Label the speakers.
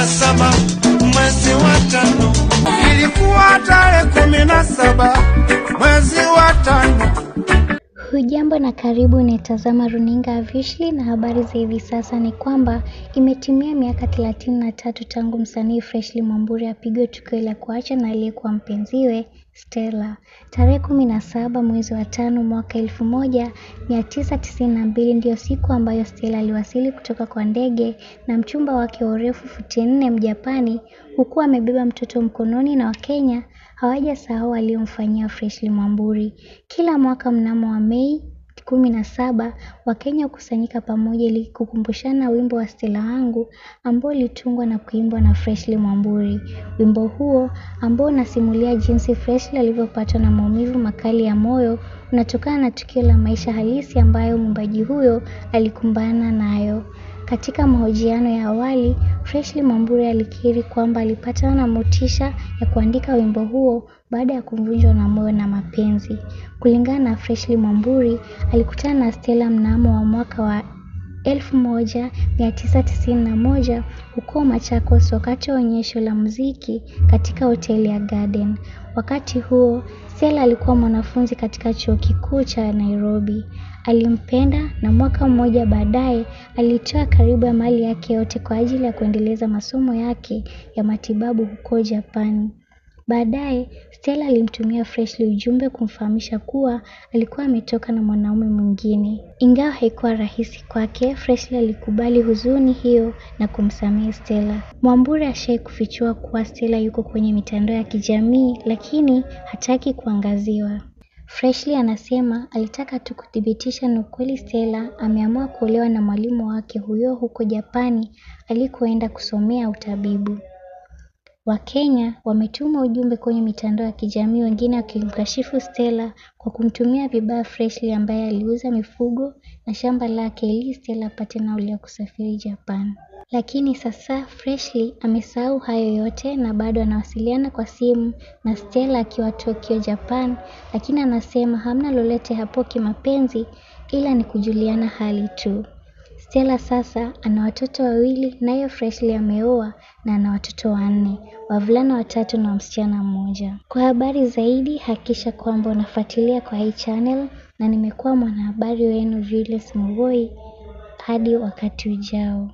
Speaker 1: na saba mwezi wa tano, ilikuwa tarehe kumi na saba mwezi wa tano. Hujambo na karibu, unaitazama runinga ya na habari za hivi sasa ni kwamba imetimia miaka thelathini na tatu tangu msanii Freshly Mwamburi apigwe tukio la kuacha na aliyekuwa mpenziwe Stella tarehe kumi na saba mwezi wa tano mwaka elfu moja mia tisa tisini na mbili ndiyo siku ambayo Stella aliwasili kutoka kwa ndege na mchumba wake wa urefu futi nne Mjapani huku amebeba mtoto mkononi na Wakenya hawajasahau aliyomfanyia Freshly Mwamburi. Kila mwaka mnamo wa Mei kumi na saba Wakenya hukusanyika pamoja ili kukumbushana wimbo wa Stella Wangu ambao ulitungwa na kuimbwa na Freshly Mwamburi. Wimbo huo ambao unasimulia jinsi Freshly alivyopatwa na maumivu makali ya moyo unatokana na tukio la maisha halisi ambayo mwimbaji huyo alikumbana nayo. Katika mahojiano ya awali, Freshly Mwamburi alikiri kwamba alipatana na motisha ya kuandika wimbo huo baada ya kuvunjwa na moyo na mapenzi. Kulingana na Freshly Mwamburi, alikutana na Stella mnamo wa mwaka wa 1991 huko Machakos wakati wa onyesho la muziki katika hoteli ya Garden. Wakati huo, Sela alikuwa mwanafunzi katika chuo kikuu cha Nairobi. Alimpenda na mwaka mmoja baadaye alitoa karibu ya mali yake yote kwa ajili ya kuendeleza masomo yake ya matibabu huko Japani. Baadaye, Stella alimtumia Ashley ujumbe kumfahamisha kuwa alikuwa ametoka na mwanaume mwingine. Ingawa haikuwa rahisi kwake, Ashley alikubali huzuni hiyo na kumsamehe Stella. mwambure ashaye kufichua kuwa Stella yuko kwenye mitandao ya kijamii lakini hataki kuangaziwa. Freshly anasema alitaka tu kuthibitisha ni ukweli Stella ameamua kuolewa na mwalimu wake huyo huko Japani alikoenda kusomea utabibu. Wakenya wametuma ujumbe kwenye mitandao ya kijamii wengine wakimkashifu Stella kwa kumtumia vibaya Presley ambaye aliuza mifugo na shamba lake ili Stella apate nauli ya kusafiri Japan. Lakini sasa Presley amesahau hayo yote na bado anawasiliana kwa simu na Stella akiwa Tokyo, Japan, lakini anasema hamna lolote hapo kimapenzi ila ni kujuliana hali tu. Stella sasa ana watoto wawili naye Freshly ameoa na ana watoto wanne, wavulana watatu na msichana mmoja. Kwa habari zaidi hakikisha kwamba unafuatilia kwa hii channel na nimekuwa mwanahabari wenu Julius Mugoi hadi wakati ujao.